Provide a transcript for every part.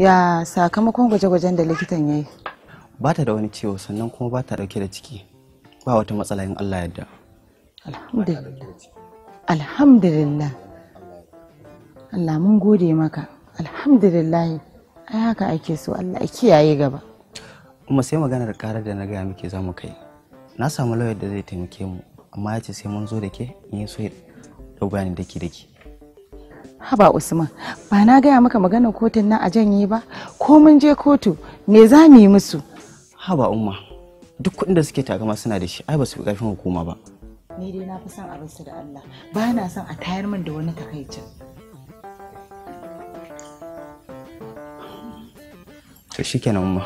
ya sakamakon gwaje-gwajen da likitan ya yi ba ta da wani ciwo sannan kuma ba ta dauke da ciki ba wata matsala in allah yadda alhamdulillah alhamdulillah allah mun gode maka alhamdulillah ai haka ake so allah kiyaye gaba kuma sai maganar karar da na gaya muke za mu kai na samu lauyar da zai taimake mu amma ya ce sai mun zo da ke in yi so ya dau ne daki daki haba usman ba na gaya maka maganar kotun nan a janye ba ko mun je kotu me za mu yi musu haba umma duk kuɗin da suke takama suna da shi ai ba su bi ƙarfin hukuma ba ni dai na fi son abin su da Allah ba na son a tayar min da wani takaicin to shikenan umma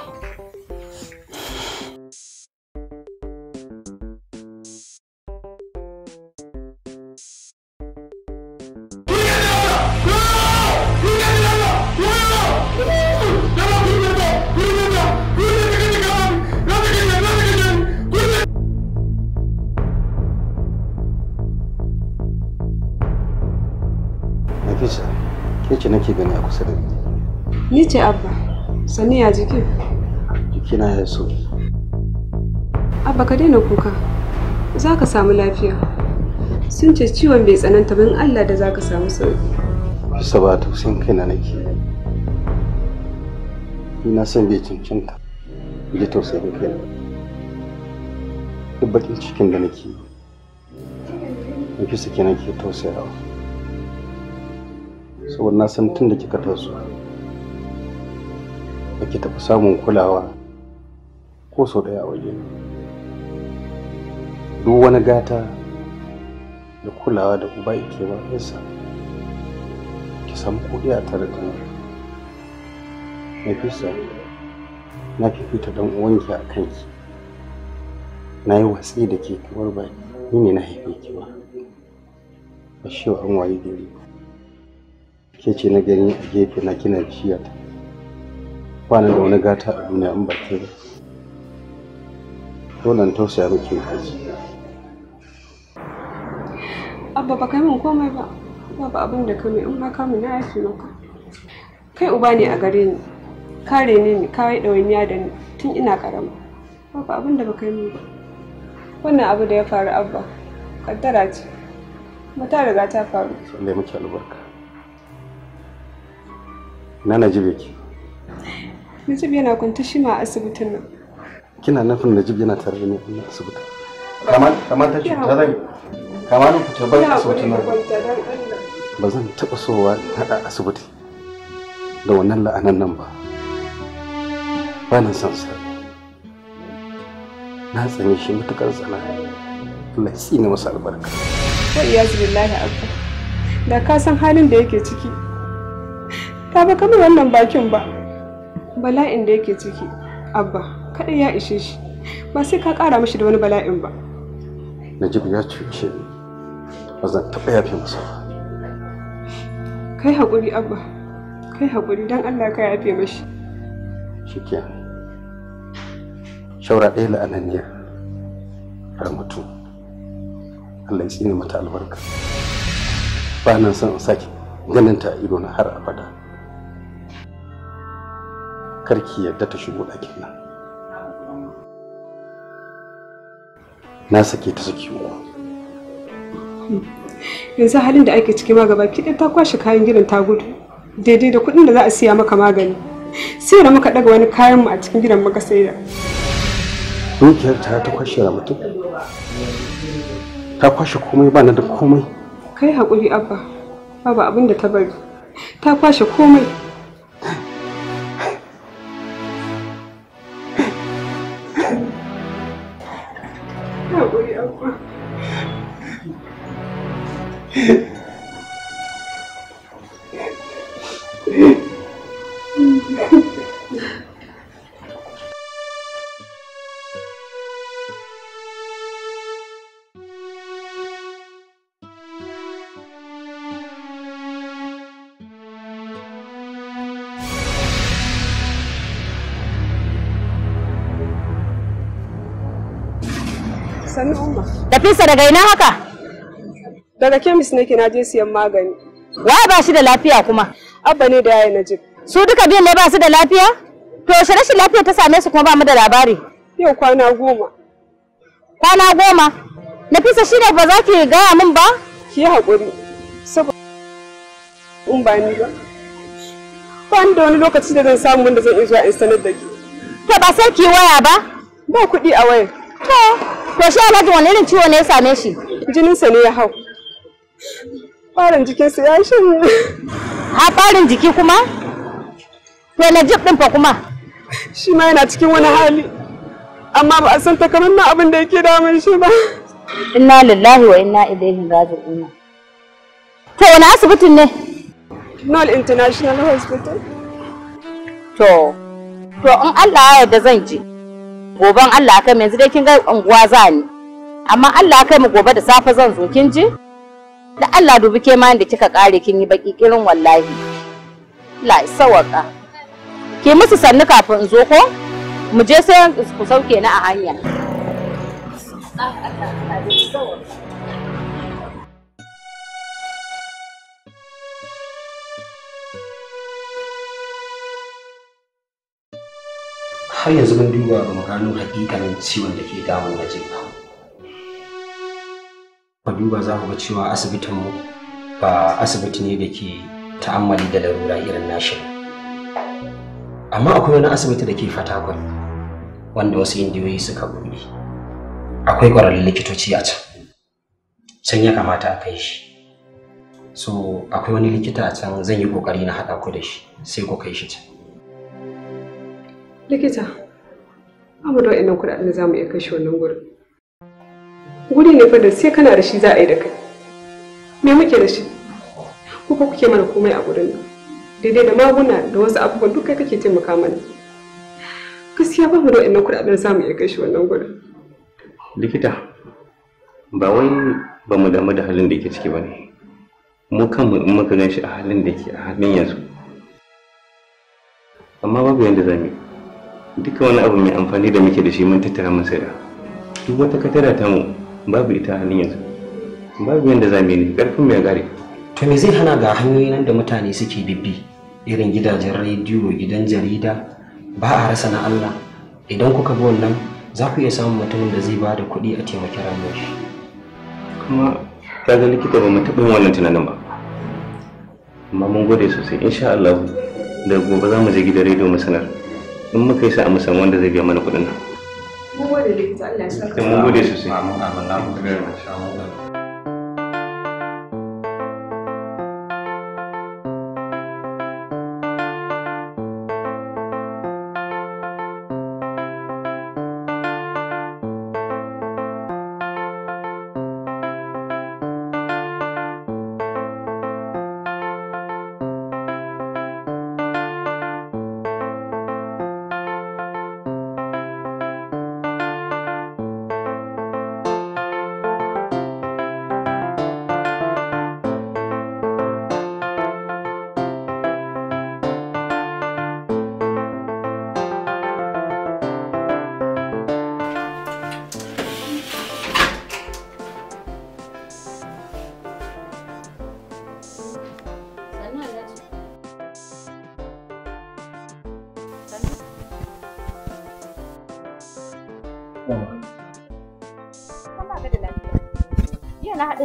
ce abba sani ya jiki jikina ya so abba ka daina kuka za ka samu lafiya sun ce ciwon bai tsananta min allah da za ka samu sauki bisa ba tausayin kaina nake ina son bai cancanta ji tausayin kaina duk bakin cikin da nake yi suke kenan ke tausayawa saboda na san tun da kika taso ake tafi samun kulawa ko sau ɗaya a waje duk wani gata da kulawa da uba ke ba yasa ki samu kuɗi a tare da Nafisa na fifita dan uwanki a kanki na yi watsi da ke kamar ba ni ne na haife ki ba ba shi an waye gari ke ce na gani a gefe na kina jiya ta ba da wani gata a duniya in baki ba dole na tausaya miki abba ba kai min komai ba babu abin da kame in ma mun na yafi maka kai uba ne a gare ni kare ne ni kawai ɗawainiya da ni tun ina karama babu abin da ba kai min ba wannan abu da ya faru abba kaddara ce ba ta riga ta faru Allah muke albarka na najibe ki Najib yana kwanta shi ma a asibitin nan. Kina nufin Najib yana tare da ni a asibitin. Kamar kamar ta cuta zan kamar ku ta bar asibitin nan. Ba zan taɓa sowa haɗa asibiti da wannan la'anan nan ba. Ba na son sa. Na tsane shi mutukar tsana. Allah ya tsine masa albarka. Wa iyazu billahi abba. Da ka san halin da yake ciki. Ta ba kamar wannan bakin ba. bala'in da yake ciki abba kaɗai ya ishe shi ba sai ka ƙara mashi da wani bala'in ba najibu ya cuce ni ba zan taɓa yafe masa kai haƙuri abba kai haƙuri don allah ka yafe mashi shikiya shaura ɗaya la'ananniya mutu. allah ya tsine mata albarka ba nan son sake ganin ta a na har abada karki yadda ta shigo ɗakin nan na sake ta saki uku yanzu halin da ake ciki ma gaba ki ta kwashe kayan gidan ta gudu daidai da kuɗin da za a siya maka magani sai da muka ɗaga wani kayan mu a cikin gidan muka saida dukiyar ta ta kwashe mutum ta kwashe komai ba na da komai kai haƙuri abba babu abin da ta bari ta kwashe komai ka daga ina haka? Daga kemis nake na je siyan magani. Wa ba shi da lafiya kuma? Abba ne da yaya Najib. Su duka biyan ne ba su da lafiya? To shi rashin lafiya ta same su kuma ba mu da labari. Yau kwana goma. Kwana goma? Nafisa shi ne ba za ki gaya min ba? Ki yi haƙuri. Saboda in ba ni ba. Ba ni da wani lokaci da zan samu wanda zan iya zuwa in sanar da ke. To ba sai ki waya ba? Ba kuɗi a waya. To, to shi Alhaji wani irin ciwo ne ya same shi? Jininsa ne ya hau. farin jikin sa ya shi A farin jiki kuma? To na jib din fa kuma? Shi ma yana cikin wani hali. Amma ba a san takamaiman abin da yake damun shi ba. Inna lillahi wa inna ilaihi raji'un. To wani asibitin ne? Nol International Hospital. To, to in Allah ya da zan je. goban Allah kai yanzu dai kin ga unguwa za ni amma Allah kai mu gobe da safe zan zo kin ji da Allah dubi ke ma da kika kare kin yi baki kirin wallahi la sawaka ke musu sannu kafin in zo ko mu je sai ku sauke ni a hanya har yanzu mun duba ba mu gano hakikanin ciwon da ke damu na jin ba ba duba za ku ga cewa asibitin mu ba asibiti ne da ke ta'ammali da larura irin nashi amma akwai wani asibiti da ke fatakwal wanda wasu indiyoyi suka buɗe akwai ƙwararrun likitoci a can can ya kamata a kai shi so akwai wani likita a can zan yi ƙoƙari na haɗa ku da shi sai ku kai shi can likita abu da wa'annan kuɗaɗen za mu iya kashe wannan gurin guri ne fa da sai kana da shi za a yi da kai me muke da shi ku fa kuke mana komai a gurin nan daidai da maguna da wasu abubuwan duk kai kake taimaka mana gaskiya ba mu da wa'annan kuɗaɗen za mu iya kashe wannan gurin likita ba wai ba mu damu da halin da yake ciki ba ne mu kanmu in muka gan shi a halin da yake a halin yanzu amma babu yadda za mu yi duka wani abu mai amfani da muke da shi mun tattara masa da duk wata katara ta mu babu ita halin yanzu babu yanda za mu yi karfin mai gare to me zai hana ga hanyoyin nan da mutane suke bibbi irin gidajen rediyo gidan jarida ba a rasa na Allah idan kuka bi wannan za ku iya samun mutumin da zai ba da kuɗi a taimaki rayuwar shi kuma ta ga likita ba mu taɓa wannan tunanin ba amma mun gode sosai insha Allah da gobe za mu je gidan rediyo mu sanar in muka yi sa a musamman wanda zai biya mana kudin nan. Mun gode da ita Allah ya saka. Mun gode sosai. Amin amin amin.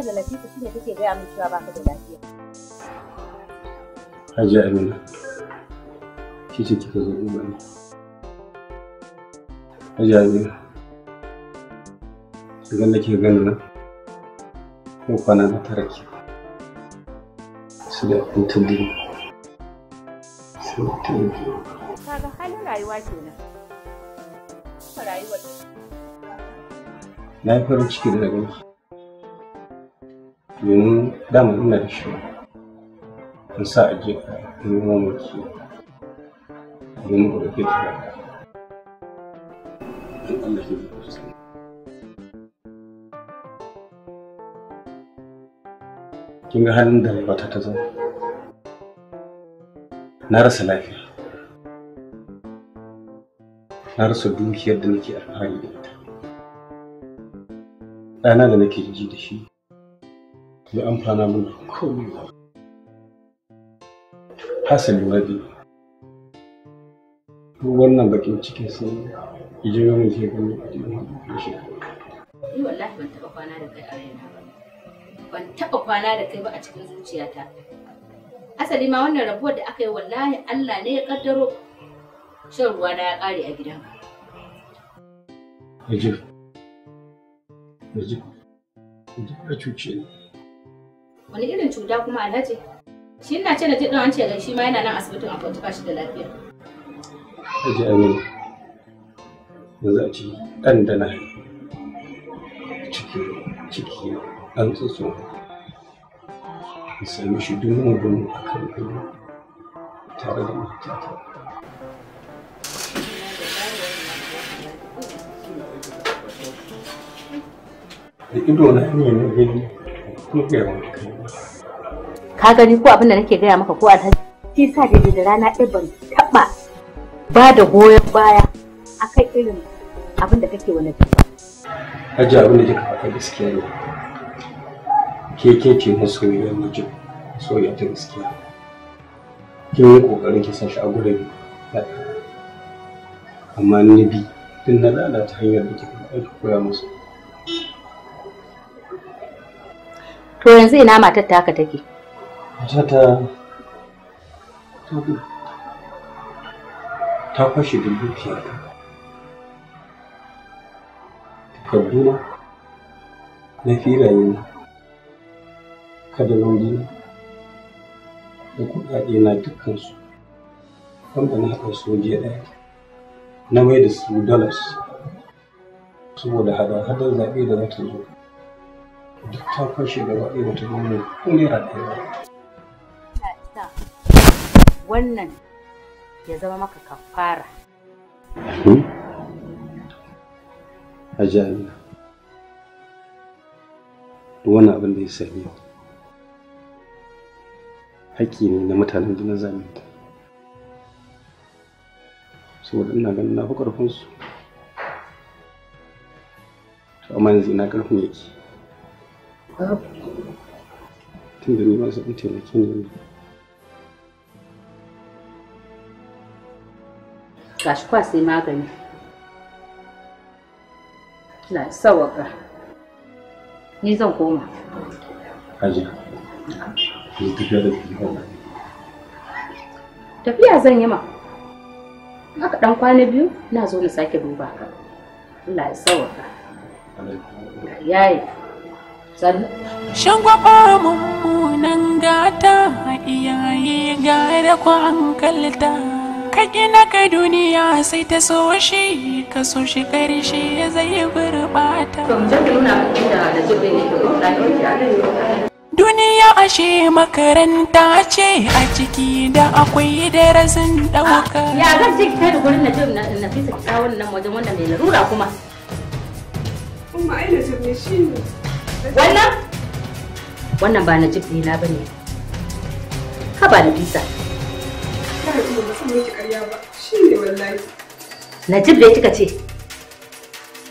tare da Latifa shine take gaya min cewa baka da lafiya. Hajiya Amina, shi ce kika zo nake nan, ko kwana na tara da Kaga halin rayuwa kenan. Na yi farin ciki da domin dama ina da shi in sa a jefa in yi mamaki domin ku ɗauke ta da Allah ke zuwa kin ga halin da rayuwata ta zama na rasa lafiya na rasa dukiyar da nake alfahari da ita ɗana da nake ji da shi ya amfana mana komai ba hasali wadi duk wannan bakin cikin sun ije ga mun ke gani a cikin wannan shi ni wallahi ban taba kwana da kai a raina ba ban taba kwana da kai ba a cikin zuciyata asali ma wannan rabuwar da aka yi wallahi Allah ne ya kaddaro shan ruwa na ya kare a gidan Ije, Ije, Ije, ka cuce ni. Wani irin cuta kuma alhaji? Shi ina ce da jiɗin an ce shi ma yana nan asibitin a kwanci bashi shi da lafiya. Haji Aminu, yanzu a ci ɗan da ciki ciki an tsotso. In sami shi duk a kan gani tare da matata. Da ido na ne na gani ka gani ko abin da nake gaya maka ko alhaji shi sa daidai da rana ɗaya ban taɓa ba da goyon baya akan irin abin da kake wani ba. Hajji abin da kika faɗa gaskiya ne. Ke ke ce soyayya mijin soyayya ta gaskiya. Kin yi ƙoƙarin ki san shi a gurin amma ni bi tun na lalata hanyar da kika faɗa ki koya musu. To yanzu ina matar ta haka take? Matar ta ta kwashe da dukiyar Kaduna na firaye kadarori da kuɗaɗe na dukkansu wanda na haɗa soje ɗaya na mai da su dollars saboda hada-hadar zaɓe da za ta zo. duk ta fashe gaba ɗaya wata gwamna ko naira ɗaya ba. Wannan ya zama maka kafara. Hmm? Hajji Amina, duk wannan abin da ya sami yau. Haƙƙi ne na mutanen da na zamanta. Saboda ina ganin na fi ƙarfinsu. Amma yanzu ina ƙarfin yake. tun da sai magani sawaka ni zan koma tafiya zan yi ma dan kwana biyu na zo na sake duba ka Sani? Shagwaba mummunan gata iyaye gara kwankalta. Ka gina ka duniya sai ta so shi ka so shi karshe zai gurɓata. Duniya ashe makaranta ce a ciki da akwai darasin ɗauka. Ah, ya zan ce ki kai da gurin na jin na fi sa kisa wannan wajen wanda mai larura kuma. Kuma ai na jin shi ne. Wannan? Wannan ba Najib ne na ba Nafisa. Kada ba ba. Shi Najib kika ce.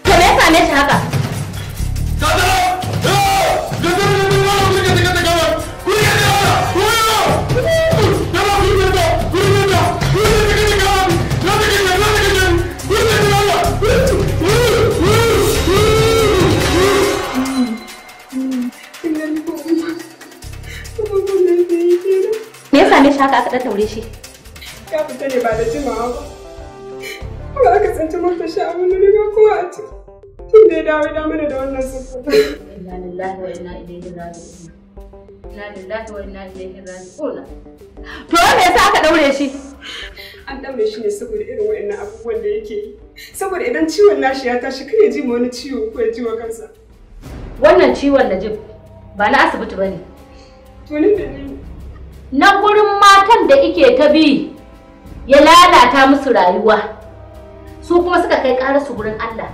To me yasa ne shi haka? shi haka aka ɗan shi. Ya fita ne ba da jimawa ba. Kuma aka tsinci mota shi a wani riga kuma a ce. Tun da ya dawo ya mana da wannan sufu. Ina lillahi wa ina ilaihi raji'un. Ina lillahi wa ina ilaihi raji'un. To ya sa aka daure shi? An daure shi ne saboda irin wa'annan abubuwan da yake yi. Saboda idan ciwon nashi ya tashi kar ya ji ma wani ciwo ko ya ji wa kansa. Wannan ciwon jin ba na asibiti ba ne. To ni da ni Nan gurin matan da ike ta bi ya lalata musu rayuwa su kuma suka kai ƙara su gurin Allah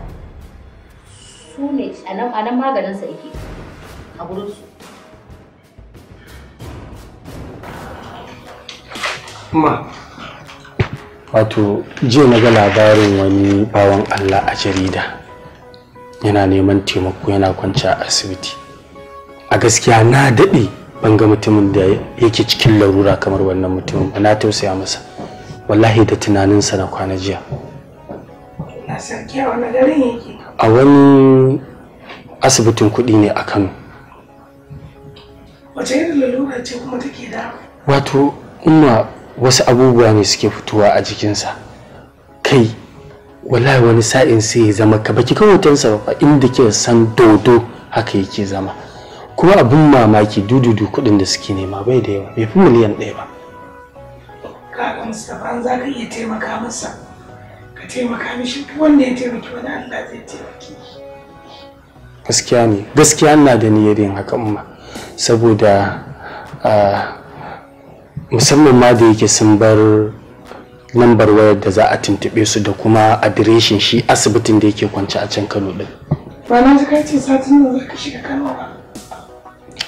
su ne a nan maganinsa yake a gurinsu kuma wato jiya na ga labarin wani bawan Allah a jarida yana neman taimako yana kwanci a asibiti a gaskiya na daɗe ban ga mutumin da yake cikin larura kamar wannan mutumin ba na tausaya masa wallahi da tunaninsa na kwana jiya a wani asibitin kuɗi ne a kano wace irin lalura ce kuma take da wato umma wasu abubuwa ne suke fitowa a jikinsa kai wallahi wani sa'in sai ya zama ka baki kawatansa ba inda ke san dodo haka yake zama kuma abin mamaki dududu kuɗin da suke nema bai da yawa bai fi miliyan ɗaya ba Kakan mustapha za ka iya taimaka masa ka taimaka mishi wanda ya taimaki wani allah zai taimaki gaskiya ne gaskiya na da niyyar yin haka umma saboda musamman ma da yake sun bar lambar wayar da za a tuntuɓe su da kuma adireshin shi asibitin da yake kwance a can kano din ba na ji kai ce satin da za ka shiga kano ba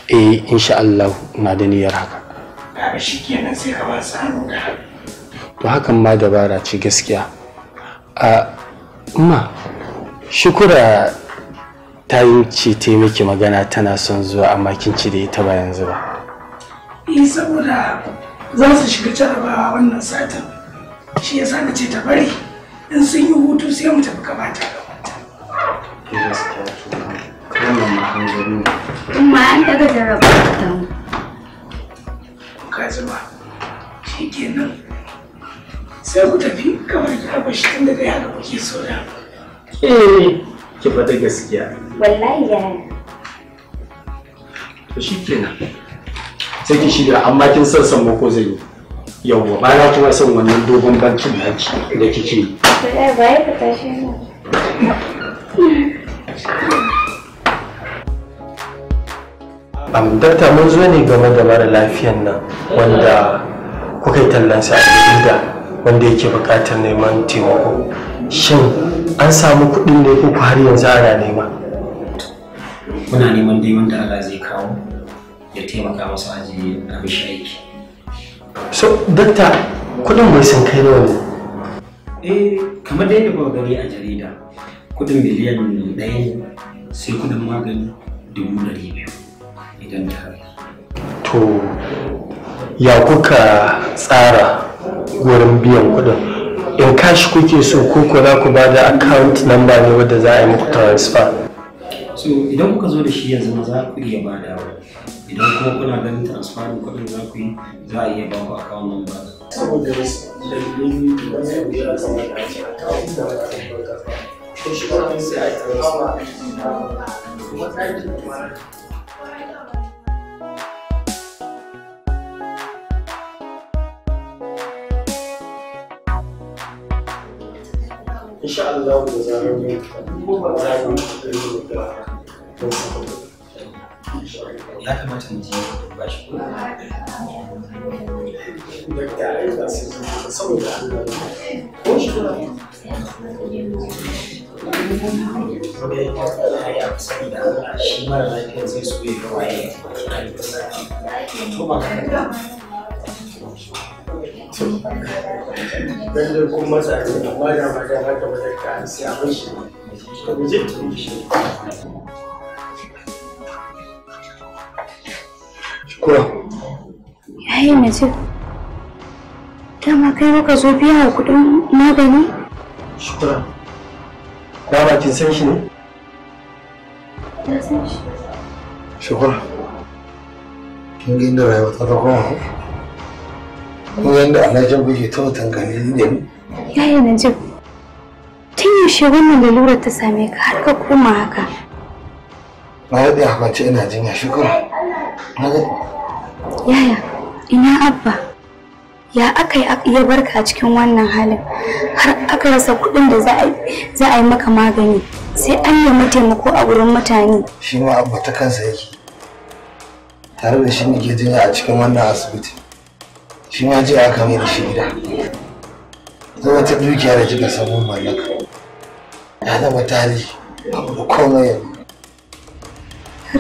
eh insha Allah na da niyyar haka shi kenan sai ka ba su da ga to hakan ma dabara ce gaskiya a ma shukura ta yi ce ta miki magana tana son zuwa amma kin ci da ita ba yanzu ba eh saboda za su shiga jarabawa wannan satin shi ya na ce ta bari in sun yi hutu sai mu tafi kamata ga wata maganganu ma an da eh, gaskiya wallahi ya shi kenan sai ki shirya amma kin san san ko zai yi yawwa ba na kuma son wannan dogon bankin da kike yi. Eh, ba ya shi ne. dakta mun zo ne game da mara lafiyan nan wanda kuka yi tallansa a jarida wanda yake buƙatar neman taimako shin an samu kuɗin ne ko har yanzu ana nema muna neman dai wanda Allah zai kawo ya taimaka masa aji a mishi aiki so dakta kuɗin bai san kai nawa ne eh kamar da yadda ba gani a jarida kuɗin miliyan ɗaya sai kuɗin magani dubu ɗari biyu idan ta To, ya kuka tsara wurin biyan kuɗin? In kashi kuke so ko ko za ku ba da account number ne wadda za a yi muku transfer? So, idan kuka zo da shi yanzu za ku iya ba da idan kuma kuna ganin transfer kuɗin za ku yi za a iya ba ku account number. Saboda lalbin da zai biya a saman ake account da ba ta shi kuma sai a yi transfer. insha Allah da zarar mun kuma ba yi da ya kamata mu ba shi ko da yi saboda ko shi da shi mara lafiya zai so ya ga waye dan da kun masa ne amma ba da haka ba ka sai abin shi ka guje shi shukura yayi mace dama kai maka zo biya magani shukura kin san shi ne san shi shukura kin ga inda rayuwa ta zama Kun yadda alhajin kuke ta watan gani da ni. Yaya Najib, tun yaushe wannan lalurar ta same ka har ka koma haka. Na daɗe a kwance ina jinya shukura. Na daɗe. Yaya, ina abba. Ya aka ya barka a cikin wannan halin har aka rasa kuɗin da za a yi maka magani sai an yi mataimako a wurin mutane. Shi ma abba ta kansa yake. Tare da shi ne ke jinya a cikin wannan asibiti. shi ma ji aka mai da shi gida ta wata dukiya da kika sabon mallaka ya zama tarihi abu da komai yanzu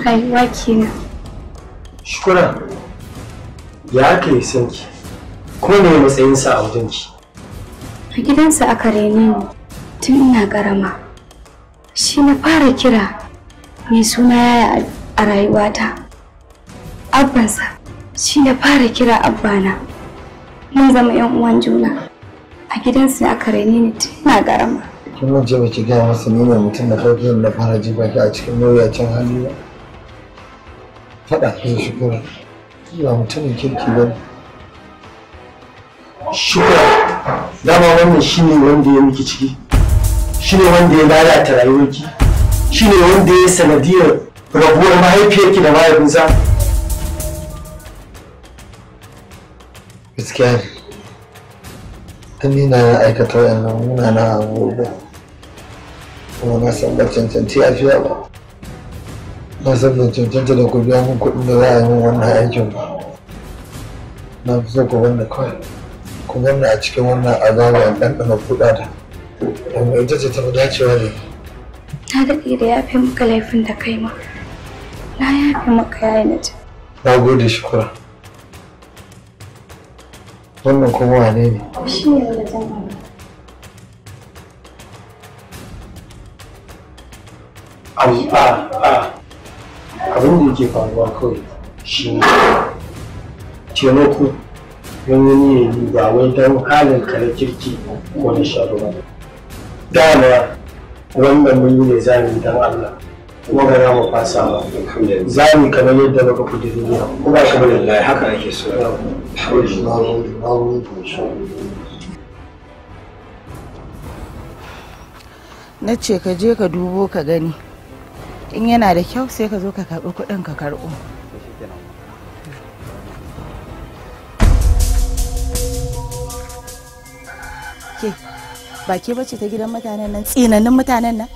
rayuwa nan. shukura ya aka yi sanki Ko ne matsayinsa a wajenki a gidansa aka rene ni tun ina karama shi na fara kira mai suna yaya a rayuwata abbansa shi na fara kira abbana mun zama yan uwan juna a gidan da aka raine ni tun ina garama kin mun ce ki gaya masa ni ne mutum da farko na fara ji baki a cikin mawuyacin hali ba faɗa ki shukura. kuma ba mutumin kirki ba shura dama wannan shi ne wanda ya miki ciki shi ne wanda ya lalata rayuwarki ne wanda ya sanadiyar rabuwar mahaifiyarki da mahaifinsa gaskiya ne ya aikata wayannan munana kuma na san cancanci fiya ba na san cancanta da ku biya min kuɗin da za a yi min wannan aikin ba na fi so ku a cikin wannan ɗanɗana da ce ta fi dacewa ne na na gode shukura wannan kuma wane ne oh, abin da yake faruwa kawai shi ne taimako don wani ya ba wai don halin kare kirki ko na sharuwa dama wannan mun yi ne zamu yi don Allah kuma ba za mu fasa ba za mu kamar yadda muka kudi duniya kuma ba kamar yadda haka ake so na ce ka je ka dubo ka gani in yana da kyau sai ka zo ka karɓi kuɗin ka karɓo ke ba ke bace ta gidan mutanen nan tsinanin mutanen nan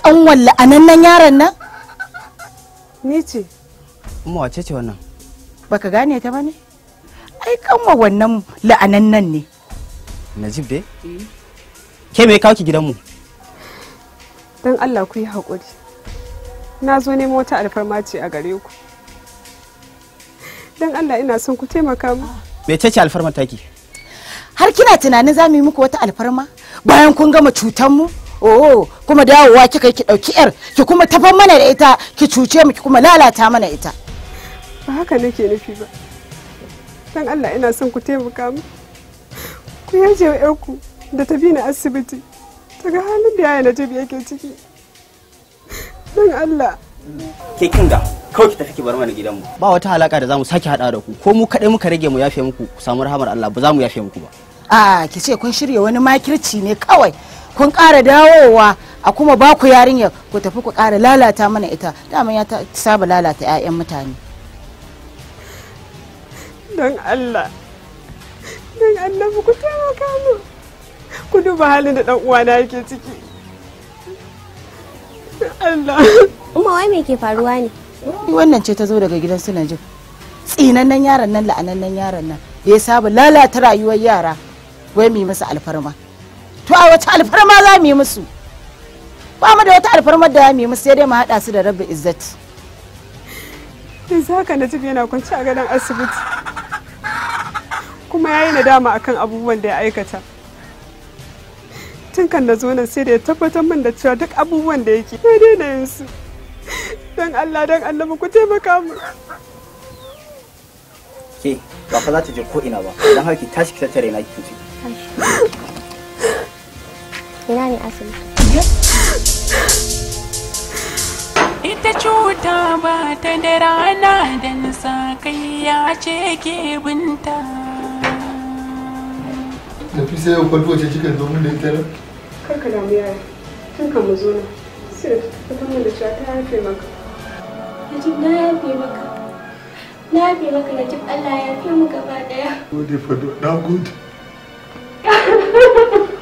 kanwan la'anannan yaron nan ni ce mu wace ce wannan baka gane ta bane ai kanwa wannan la'anannan ne najib dai eh. ke me kawo ki gidanmu don allah ku yi haƙuri na zo nemo wata alfarma ce a gare ku don allah ina son ku taimaka mu me ce alfarma taki har kina tunanin za mu yi muku wata alfarma bayan kun gama cutar mu oh kuma dawowa kika ki dauki yar ki kuma tafan mana da ita ki cuce mu ki kuma lalata mana ita ba haka nake nufi ba dan Allah ina son ku taimaka mu ku yaje wa yarku da ta bi ni asibiti ta ga halin da yaya na tabi yake ciki dan Allah ke kinga kawai ki tafi ki bar mana gidanmu ba wata alaka da zamu sake hada da ku ko mu kadai muka rage mu yafe muku ku samu rahamar Allah ba za mu yafe muku ba a ah, ki ce kun shirya wani makirci ne kawai kun ƙara dawowa a kuma ba ku yarinya ku tafi ku ƙara lalata mana ita daman ya saba lalata 'ya'yan mutane don allah don mu ku taimaka mu ku duba halin da uwana yake ciki allah umma wai me ke faruwa ne wannan ce ta zo daga gidan suna jin tsinannen yaron nan la'anannen yaron nan da ya saba lalata rayuwar yara wai mai masa alfarma to a wata alfarma za mu yi musu ba mu da wata alfarma da mu yi musu sai dai mu hada su da rabbi izzati yanzu haka na yana kwanci a gadon asibiti kuma ya yi nadama akan abubuwan da ya aikata tun kan da zo nan sai da ya tabbatar min da cewa duk abubuwan da yake ya daina yin su don allah don allah ku taimaka mu ke ba fa za ta je ko ina ba don haka ki tashi ki tattare na ki ina ne asibiti ita cuta ba ta da rana da nisa kai ya ce ke binta fi sai yau ce kika da ita nan karka mu yaya tun kan mu zo ta da cewa ta haife maka na yafe maka na yafe maka Najib Allah ya fi mu gaba daya gode fado na gode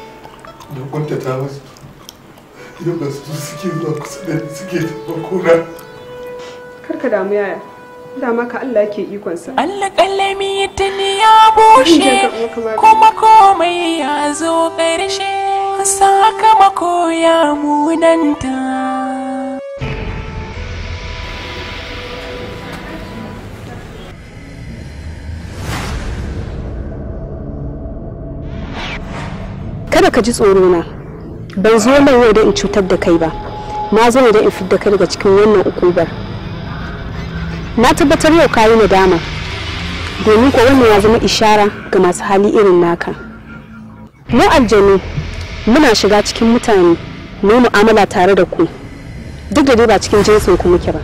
da kuntata masu yau ba su suke zuwa kusa da suke taɓa Kar ka damu yaya dama ka Allah ke ikonsa Allah kallami ta ne ya bushe kuma komai ya zo ƙarshe sakamako ya munanta kada ka ji tsoro na ban zo mai yau da in cutar da kai ba na zo da in fidda kai daga cikin wannan ukubar na tabbatar yau kayi nadama domin ko wannan ya zama ishara ga masu hali irin naka mu aljanu muna shiga cikin mutane mu mu'amala tare da ku duk da dai ba cikin jinsin ku muke ba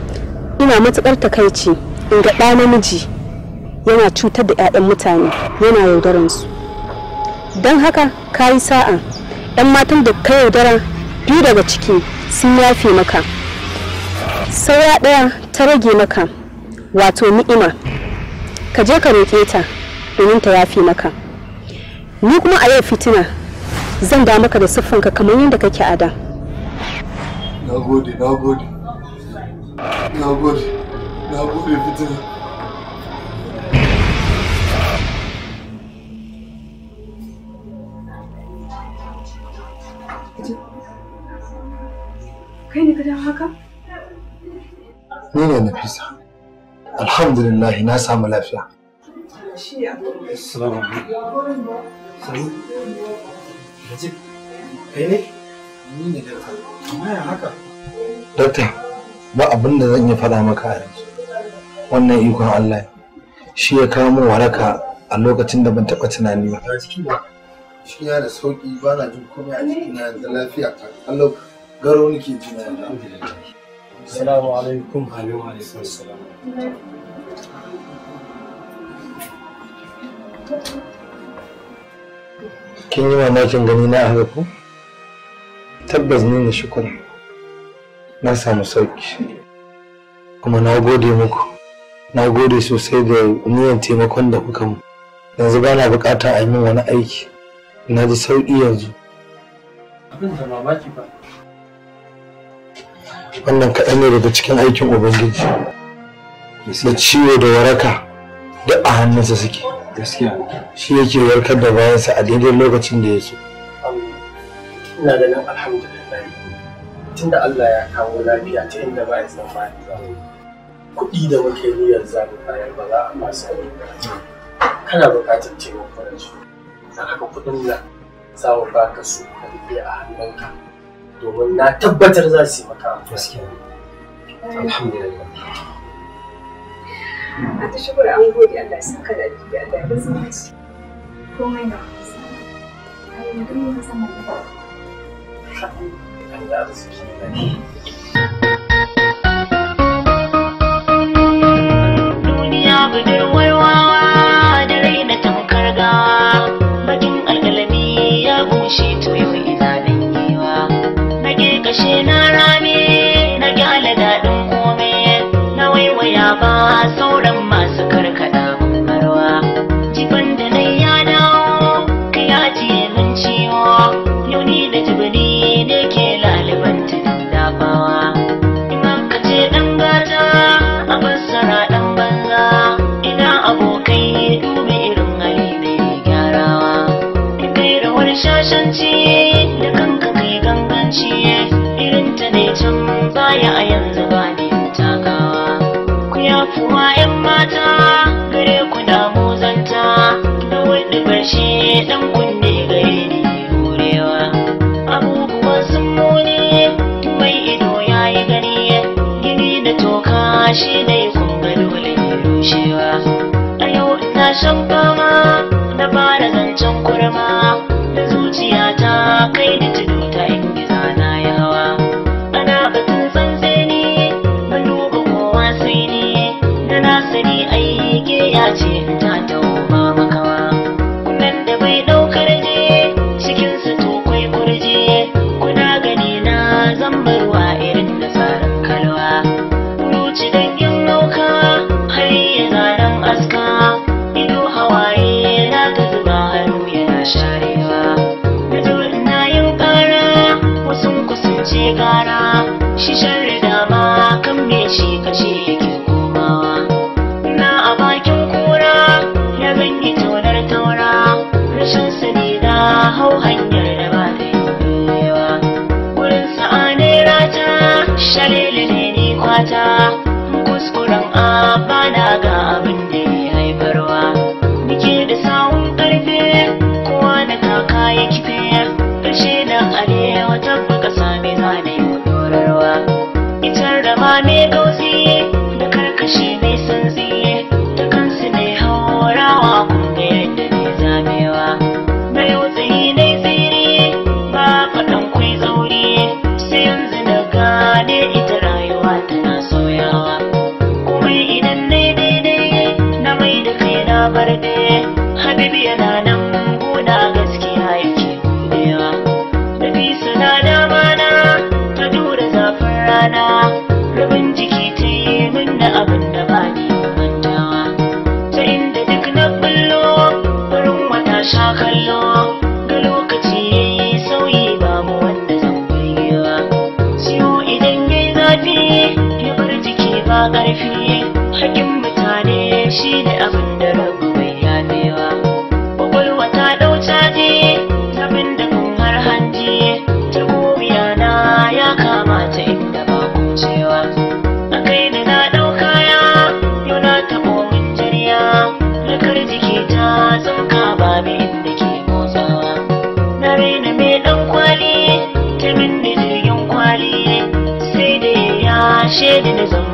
ina matukar takaici in ga ɗa namiji yana cutar da 'ya'yan mutane yana yaudaransu don haka ka yi sa'a ɗan matan da ka yaudara biyu daga ciki sun yafe maka sauya ɗaya ta rage maka wato ni'ima ka je ka roƙe ta domin ta yafe maka ni kuma a yau fitina zan da maka da siffanka kamar yadda kake a da na gode na gode na gode na gode fitina Kai ne ka dawo haka? Ni ne Nafisa. Alhamdulillah na samu lafiya. Assalamu alaikum. Sani. Najib. Kai ne? Ni ne Dakta. haka? ba abin da zan yi faɗa maka a yanzu. Wannan ikon Allah shi ya kawo waraka a lokacin da ban taɓa tunani ba. Shi ya da sauƙi ba na jin komai a cikin yanzu lafiya ta. Allah garo nake jina da assalamu alaikum alaikum alaikum assalam kin yi mamakin gani na haka ko tabbas ni na shukura na samu sauki kuma na gode muku na gode sosai da niyan taimakon da kuka mu yanzu ba na bukata a yi min wani aiki na ji sauki yanzu abin da mamaki ba wannan kaɗan ne daga cikin aikin ubangiji da ciwo da waraka duk a hannunsa suke gaskiya shi yake warkar da bayansa a daidai lokacin da yake ina ganin alhamdulillah tunda Allah ya kawo lafiya ta inda ba ya san ba kuɗi da muke niyyar zamu bayar ba za a fasa kana buƙatar taimakon su don haka kuɗin nan za mu baka su ka a hannunka domin na tabbatar za su yi maka gaskiya alhamdulillah a ta shukur an gode Allah da ya komai na kusa duk wani sama da ba arziki na ne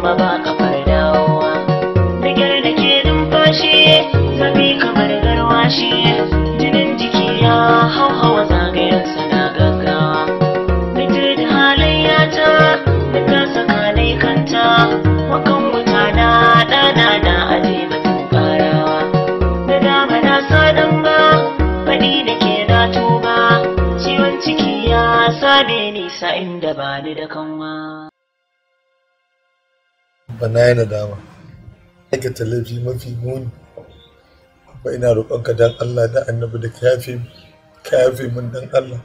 Mama abba na yi nadama aikata mafi muni ba ina roƙonka dan allah da annabi da ka yafe mun min dan allah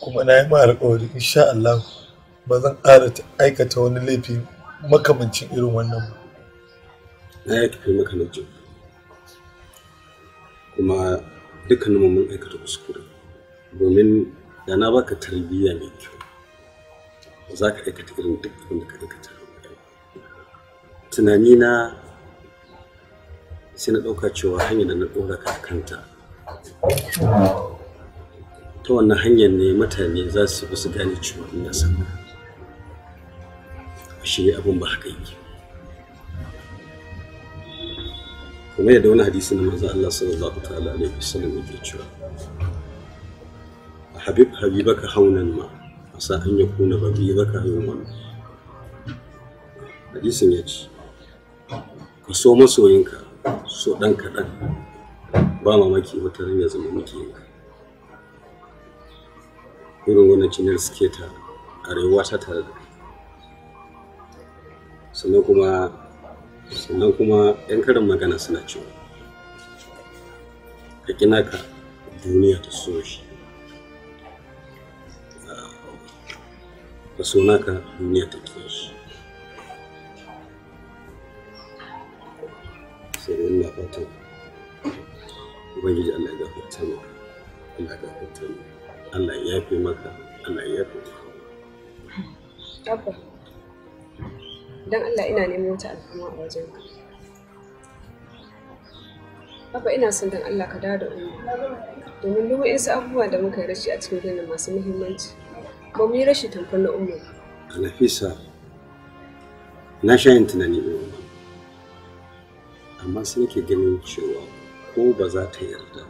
kuma na yi ma alƙawari insha allah ba zan ƙara aikata wani laifi makamancin irin wannan ba na yi tafi makamancin na kuma dukkanin mun aikata kuskure domin da na baka tarbiyya mai kyau za ka aikata irin duk wanda da ka aikata tunani na sai na ɗauka cewa hanyar da na ɗora ka kanta ta wannan hanyar ne mutane za su bi su gane cewa ina san shi abin ba haka yake kuma yadda wani hadisi na manzo Allah sallallahu ta'ala alaihi wasallam yake cewa habib habibaka haunan ma asa an yakuna babibaka yawman hadisin ya ce ka so masoyinka so ɗan kaɗan ba mamaki wata ran ya zama makiyinka irin wannan cinyar suke ta a rayuwa ta tare da sannan kuma sannan kuma yan karin magana suna cewa ka kina ka duniya ta so shi ah, ka so naka duniya ta kiyaye shi sai dai ina fatan ubangiji Allah ya gafarta maka Allah ya gafarta maka Allah ya yafe maka Allah ya yafe Abba dan Allah ina neman wata alfama a wajen ka Abba ina son dan Allah ka dawo da umma domin duk wa'insu abubuwa da muka yi rashi a cikin ginin masu muhimmanci ba mu yi rashi tamfar na umma Nafisa na sha yin tunani umma amma sai yake ganin cewa ko ba za ta yarda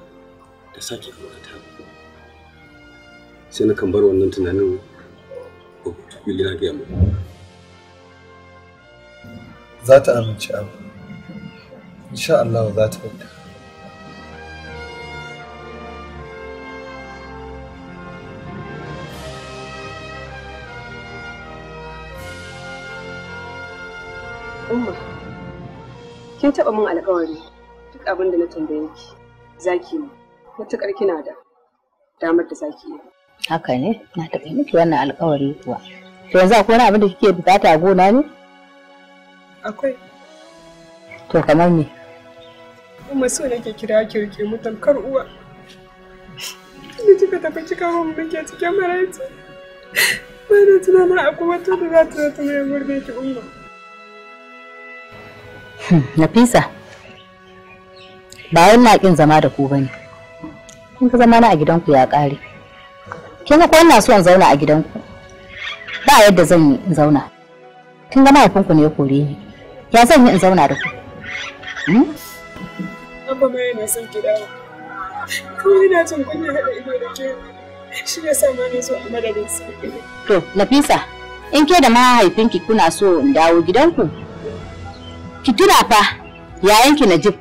ta sake aurata ba sai na kan bar wannan tunanin tukuli na gaya mu za ta amince abu insha Allah za ta yarda Kin taɓa min alƙawari duk abin da na tambaye ki zaki ne matuƙar kina da damar da zaki yi. Haka ne na taba miki wannan alƙawari kuwa. To yanzu akwai wani abin da kike bukata a gona ne? Akwai. To kamar me? Kuma so nake kira ki rike mu tamkar uwa. Ni kika tafi kika mun muke cikin maraici. Ba na tunanin akwai wata da za ta zata ta mai murbe ki umma. Hmm, Nafisa, bayan na ƙin zama da ku ba ne, kun ka zama na a gidanku ya ƙare. Kin ga na so in zauna a gidanku, ba yadda zan yi in zauna. Kin ga mahaifinku ne ya kore ni, ya zan yi in zauna da ku. Hmm? Abba mai na son ki dawo, kawai ina jin kunya haɗa ido da ke shi ne sa ma na zo a madadin su. To, Nafisa, in ke da mahaifinki kuna so in dawo gidanku, ki tuna fa yayanki Najib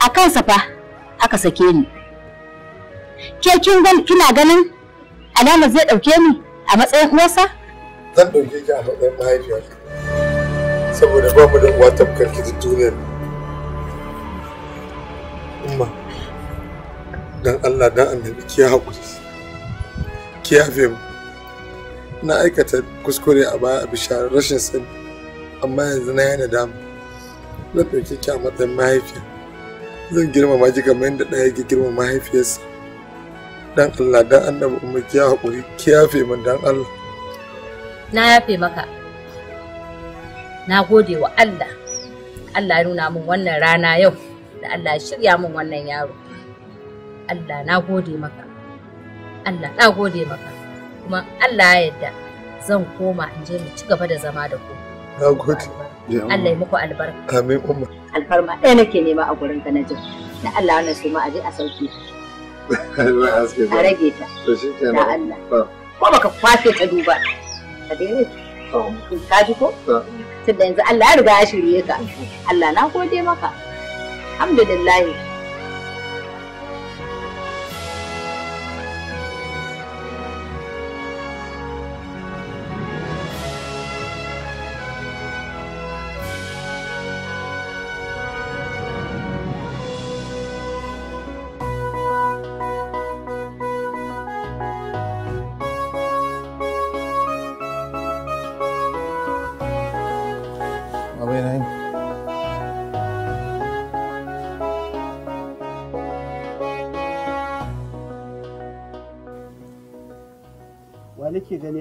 a kansa fa aka sake ni ke kin gan kina ganin alamar zai dauke ni a matsayin uwarsa zan dauke ki a matsayin mahaifiya saboda ba mu da uwa tafkar ki duniya umma dan Allah dan annabi ki hakuri ki yafe mu na aikata kuskure a baya a bishar rashin sani amma yanzu na yana damu zan ɗauki ki a matsayin mahaifiya zan girmama ki kamar yadda ɗaya ki girmama mahaifiyarsa dan Allah dan annabi umma ki ya haƙuri ki yafe min dan Allah na yafe maka na gode wa Allah Allah ya nuna min wannan rana yau da Allah ya shirya min wannan yaro Allah na gode maka Allah na gode maka kuma Allah ya yarda zan koma in je mu ci gaba da zama da ku Na gode. Allah ya muku albarka. Amin umma. Alfarma ɗaya nake nema a gurin ka na jin. Da Allah wannan su ma a je a sauke. A rage ta. To shi kenan. Da Allah. Ko baka kwace ta duba. Ka dai ka ji ko? Tunda yanzu Allah ya riga ya shirye ka. Allah na gode maka. Alhamdulillah.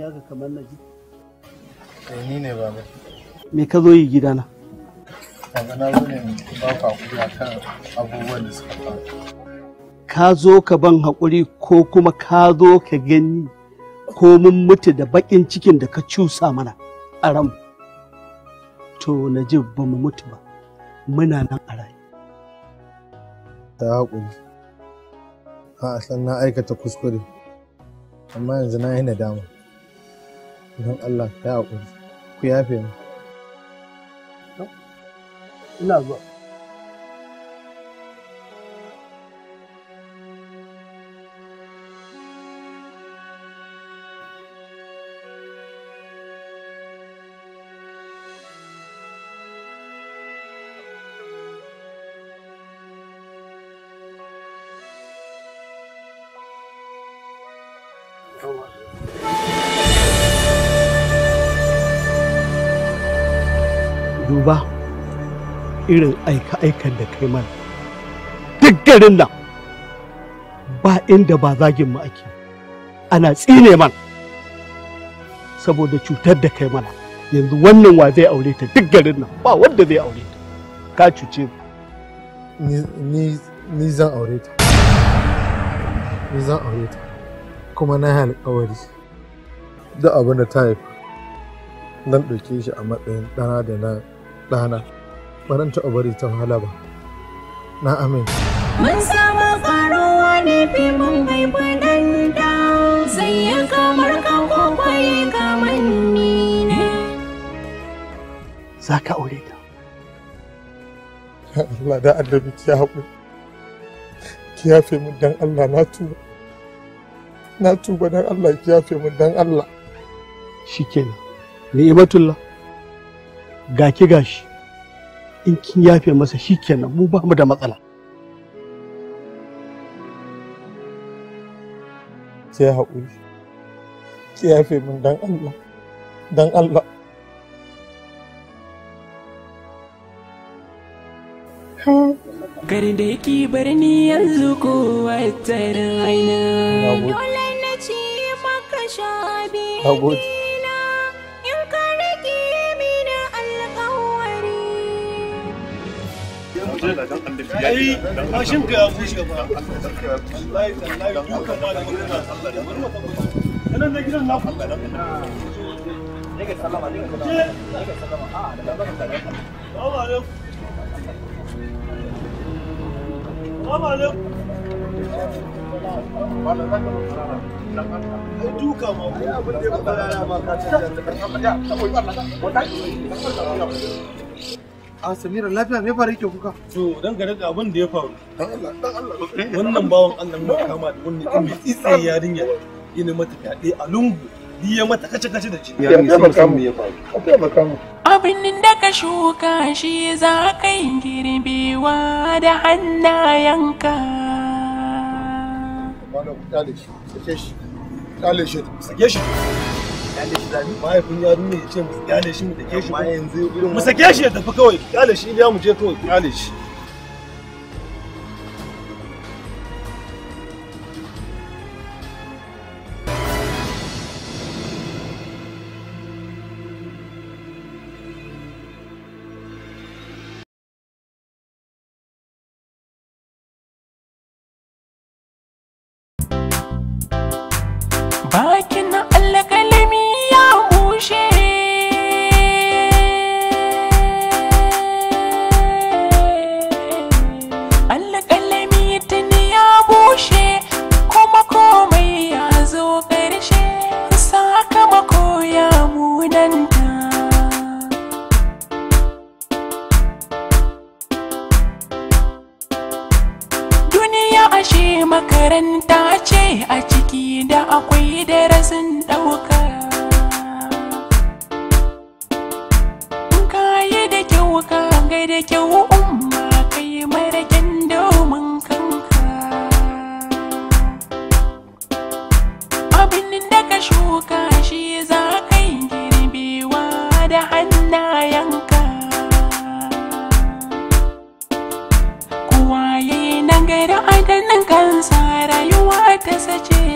haka kamar na ji eh, ni ne ba me ka zo yi gidana Yanzu na zo ne ba ka hakuri kan abubuwan da suka faru ka zo ka ban hakuri ko kuma ka zo ka gani ko mun mutu da bakin cikin da ka cusa mana a ran to na ji ba mu mutu ba muna nan a rai ta hakuri a san na aikata kuskure amma yanzu na yi nadama don Allah ka haƙuri ku yafe mu ina zuwa irin aika-aikan da kai mana duk garin nan ba inda ba zagin mu ake ana tsine man saboda cutar da kai mana yanzu wannan wa zai aure ta duk garin nan ba wanda zai aure ta ka cuce ni ni zan aure ta ni zan aure ta kuma na alkawari da abin da ta haifa nan ɗauke shi a matsayin ɗana da na ɗana ba ran taɓa bari ta wahala ba na amin mun samu karuwa ne fi mun bai fadan da sai ya kamar ka kwaye kamar ni ne za ka aure ta Allah da annabi ki haƙu. ki yafe min dan Allah na tuba na tuba dan Allah ki yafe min dan Allah shikenan Ga gaki gashi in kin yafe masa shikenan mu ba mu da matsala sai haƙuri ki yafe min dan Allah dan Allah Garin da yake birni yanzu ko kowa tsarin aina. Dole na ci maka sha biyu. Allah dan Allah ya da ne ne ne a da ban ka fara a samira lafiya me fara yake kuka to dan ga daga abin da ya faru dan Allah dan Allah wannan bawan Allah mun kama da wannan din mai tsitsaye yarinya ina mata fyaɗe a lungu ni ya mata kace kace da jini ya taimaka mu ya faru ka taimaka mu abin da ka shuka shi za ka yi girbewa da hannayenka malam ta da shi sake shi ta da shi sake shi mahaifin yarinya ya ce mu kyale shi mu shi yanzu irin mu sake shi ya tafi kawai kyale shi Iliya mu je kawai kyale abin da ka shuka shi za ka yi girbewa da hannayenka kuwa ya nan nagari a kansa rayuwa ta sace